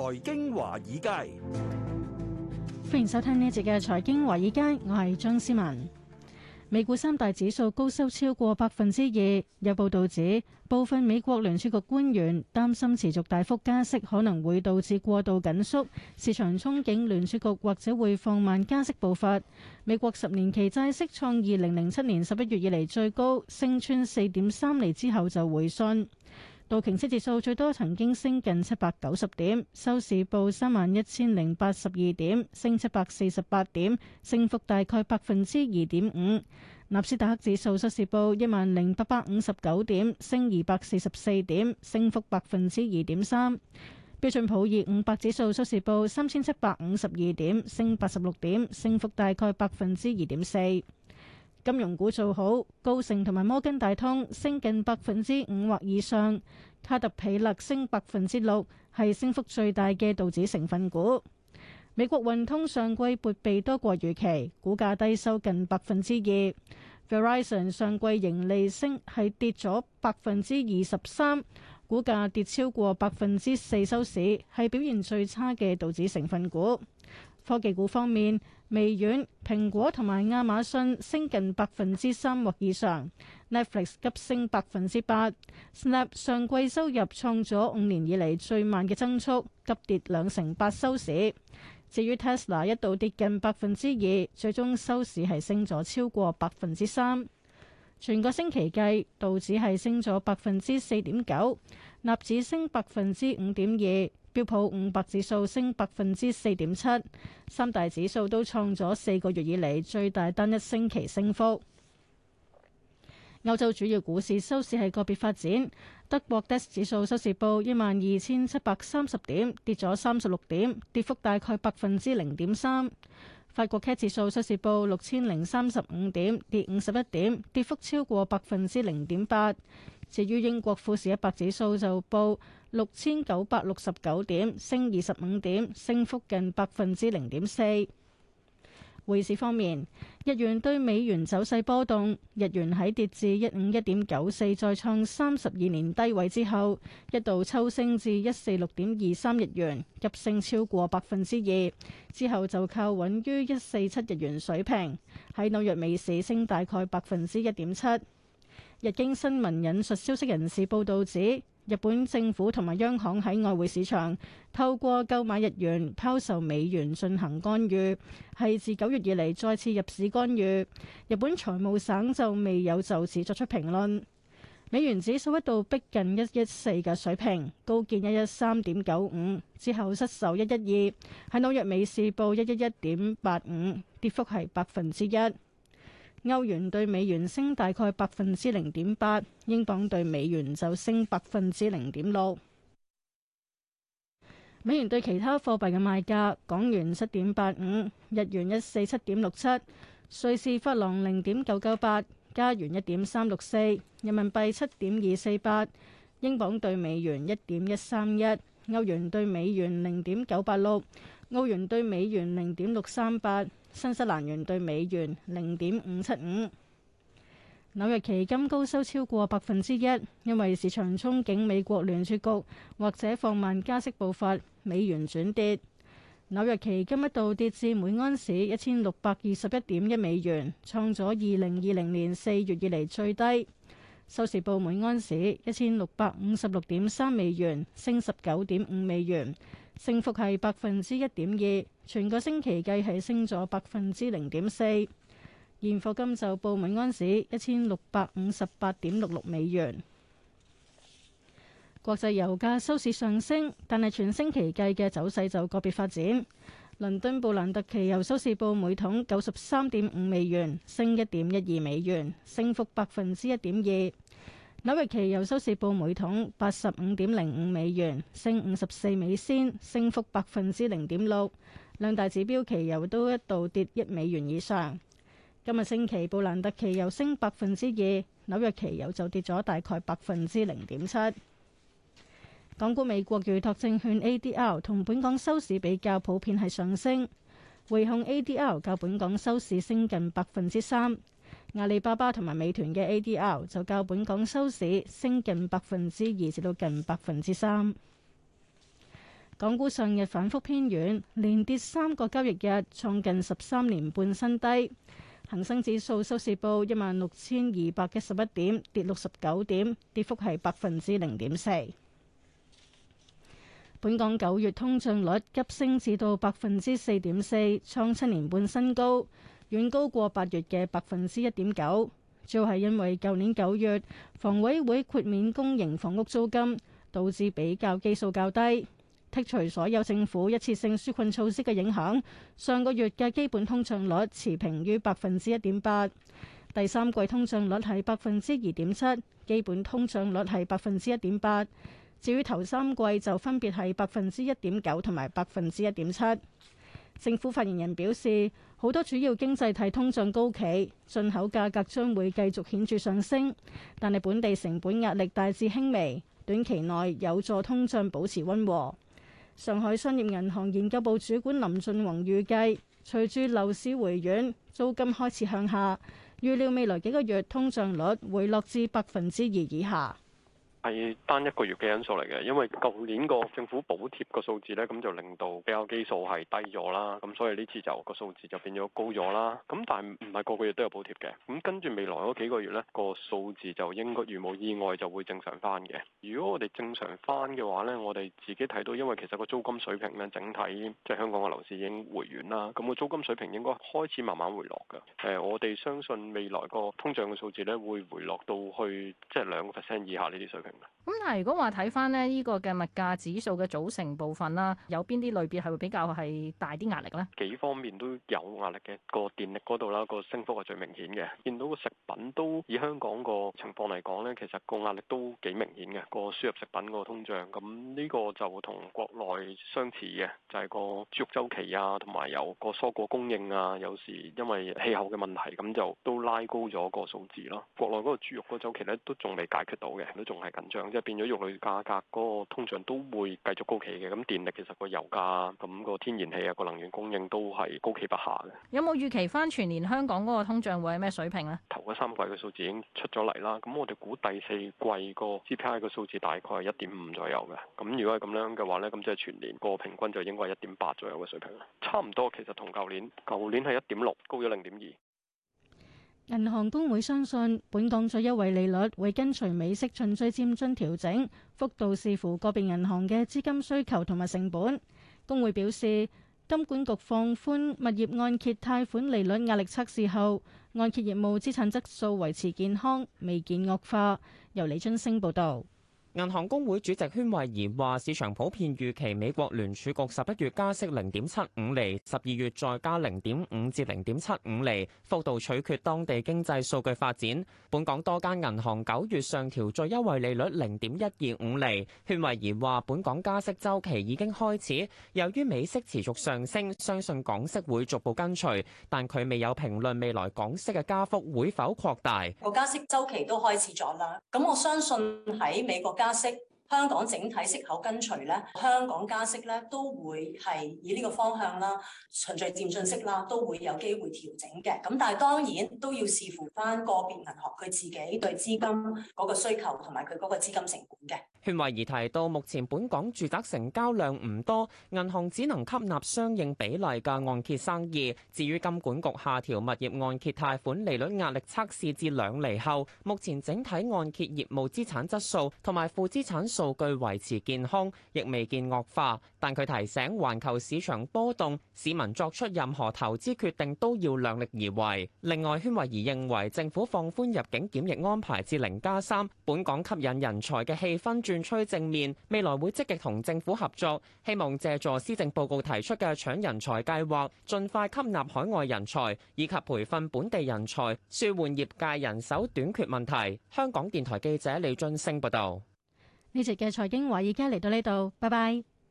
財經華爾街，歡迎收聽呢節嘅財經華爾街，我係張思文。美股三大指數高收超過百分之二，有報道指部分美國聯儲局官員擔心持續大幅加息可能會導致過度緊縮，市場憧憬聯儲局或者會放慢加息步伐。美國十年期債息創二零零七年十一月以嚟最高，升穿四點三厘之後就回順。道瓊斯指數最多曾經升近七百九十點，收市報三萬一千零八十二點，升七百四十八點，升幅大概百分之二點五。納斯達克指數收市報一萬零八百五十九點，升二百四十四點，升幅百分之二點三。標準普爾五百指數收市報三千七百五十二點，升八十六點，升幅大概百分之二點四。金融股做好，高盛同埋摩根大通升近百分之五或以上，卡特彼勒升百分之六，係升幅最大嘅道指成分股。美國運通上季撥備多過預期，股價低收近百分之二。Verizon 上季盈利升係跌咗百分之二十三，股價跌超過百分之四收市，係表現最差嘅道指成分股。科技股方面。微軟、蘋果同埋亞馬遜升近百分之三或以上，Netflix 急升百分之八，Snap 上季收入創咗五年以嚟最慢嘅增速，急跌兩成八收市。至於 Tesla 一度跌近百分之二，最終收市係升咗超過百分之三。全個星期計，道指係升咗百分之四點九，納指升百分之五點二。標普五百指數升百分之四點七，三大指數都創咗四個月以嚟最大單一星期升幅。歐洲主要股市收市係個別發展，德國 DAX 指數收市報一萬二千七百三十點，跌咗三十六點，跌幅大概百分之零點三。法國 CAC 指數收市報六千零三十五點，跌五十一點，跌幅超過百分之零點八。至於英國富時一百指數就報。六千九百六十九點，升二十五點，升幅近百分之零點四。匯市方面，日元對美元走勢波動，日元喺跌至一五一點九四，再創三十二年低位之後，一度抽升至一四六點二三日元，急升超過百分之二。之後就靠穩於一四七日元水平。喺紐約美市升大概百分之一點七。日經新聞引述消息人士報道指。日本政府同埋央行喺外匯市場透過購買日元拋售美元進行干預，係自九月以嚟，再次入市干預。日本財務省就未有就此作出評論。美元指數一度逼近一一四嘅水平，高見一一三點九五之後失守一一二，喺紐約美市報一一一點八五，跌幅係百分之一。歐元對美元升大概百分之零點八，英鎊對美元就升百分之零點六。美元對其他貨幣嘅賣價：港元七點八五，日元一四七點六七，瑞士法郎零點九九八，加元一點三六四，人民幣七點二四八，英鎊對美元一點一三一，歐元對美元零點九八六，澳元對美元零點六三八。新西蘭元對美元零點五七五。紐約期金高收超過百分之一，因為市場憧憬美國聯儲局或者放慢加息步伐，美元轉跌。紐約期金一度跌至每安士一千六百二十一點一美元，創咗二零二零年四月以嚟最低。收市報每安士一千六百五十六點三美元，升十九點五美元。升幅係百分之一點二，全個星期計係升咗百分之零點四。現貨金就報每安士一千六百五十八點六六美元。國際油價收市上升，但係全星期計嘅走勢就個別發展。倫敦布蘭特期油收市報每桶九十三點五美元，升一點一二美元，升幅百分之一點二。紐約期油收市報每桶八十五點零五美元，升五十四美仙，升幅百分之零點六。兩大指標期油都一度跌一美元以上。今日星期布蘭特期油升百分之二，紐約期油就跌咗大概百分之零點七。港股美國預託證券 ADR 同本港收市比較普遍係上升，匯控 ADR 較本港收市升近百分之三。阿里巴巴同埋美團嘅 ADR 就較本港收市升近百分之二，至到近百分之三。港股上日反覆偏軟，連跌三個交易日，創近十三年半新低。恒生指數收市報一萬六千二百一十一點，跌六十九點，跌幅係百分之零點四。本港九月通脹率急升至到百分之四點四，創七年半新高。遠高過八月嘅百分之一點九，主要係因為舊年九月房委會豁免公營房屋租金，導致比較基數較低。剔除所有政府一次性紓困措施嘅影響，上個月嘅基本通脹率持平於百分之一點八。第三季通脹率係百分之二點七，基本通脹率係百分之一點八。至於頭三季就分別係百分之一點九同埋百分之一點七。政府發言人表示，好多主要經濟體通脹高企，進口價格將會繼續顯著上升，但係本地成本壓力大致輕微，短期內有助通脹保持溫和。上海商業銀行研究部主管林俊宏預計，隨住樓市回暖，租金開始向下，預料未來幾個月通脹率回落至百分之二以下。係單一個月嘅因素嚟嘅，因為舊年個政府補貼個數字呢，咁就令到比較基數係低咗啦，咁所以呢次就個數字就變咗高咗啦。咁但係唔係個個月都有補貼嘅，咁跟住未來嗰幾個月呢，個數字就應該，如冇意外就會正常翻嘅。如果我哋正常翻嘅話呢，我哋自己睇到，因為其實個租金水平呢，整體即係、就是、香港個樓市已經回軟啦，咁個租金水平應該開始慢慢回落噶。誒，我哋相信未來個通脹嘅數字呢，會回落到去即係兩個 percent 以下呢啲水平。咁但係如果話睇翻咧呢個嘅物價指數嘅組成部分啦，有邊啲類別係會比較係大啲壓力呢？幾方面都有壓力嘅，個電力嗰度啦，個升幅係最明顯嘅。見到個食品都以香港個情況嚟講呢，其實個壓力都幾明顯嘅。個輸入食品個通脹，咁呢個就同國內相似嘅，就係個豬肉周期啊，同埋有個蔬果供應啊，有時因為氣候嘅問題，咁就都拉高咗個數字咯。國內嗰個豬肉個周期咧，都仲未解決到嘅，都仲係。即係變咗，肉類價格嗰個通脹都會繼續高企嘅。咁電力其實個油價、咁、個天然氣啊，個能源供應都係高企不下嘅。有冇預期翻全年香港嗰個通脹會係咩水平咧？頭嗰三季嘅數字已經出咗嚟啦。咁我哋估第四季個 CPI 嘅數字大概係一點五左右嘅。咁如果係咁樣嘅話呢，咁即係全年個平均就應該係一點八左右嘅水平。差唔多，其實同舊年，舊年係一點六，高咗零點二。銀行公會相信，本港最優惠利率會跟隨美息循序漸進調整，幅度視乎個別銀行嘅資金需求同埋成本。公會表示，金管局放寬物業按揭貸款利率壓力測試後，按揭業務資產質素維持健康，未見惡化。由李春升報導。銀行公會主席禤惠儀話：市場普遍預期美國聯儲局十一月加息0.75厘，十二月再加0.5至0.75厘，幅度取決當地經濟數據發展。本港多間銀行九月上調最優惠利率0.125厘。禤惠儀話：本港加息周期已經開始，由於美息持續上升，相信港息會逐步跟隨，但佢未有評論未來港息嘅加幅會否擴大。個加息周期都開始咗啦，咁我相信喺美國。加息，香港整體息口跟隨咧，香港加息咧都會係以呢個方向啦，循序漸進式啦，都會有機會調整嘅。咁但係當然都要視乎返個別銀行，佢自己對資金嗰個需求同埋佢嗰個資金成本嘅。禤惠儀提到，目前本港住宅成交量唔多，銀行只能吸納相應比例嘅按揭生意。至於金管局下調物業按揭貸款利率壓力測試至兩厘後，目前整體按揭業務資產質素同埋負資產數據維持健康，亦未見惡化。但佢提醒，環球市場波動，市民作出任何投資決定都要量力而為。另外，禤惠儀認為政府放寬入境檢疫安排至零加三，本港吸引人才嘅氣氛。串吹正面，未來會積極同政府合作，希望借助施政報告提出嘅搶人才計劃，盡快吸納海外人才以及培訓本地人才，舒緩業界人手短缺問題，香港電台記者李俊升報道。呢集嘅財經話已經嚟到呢度，拜拜。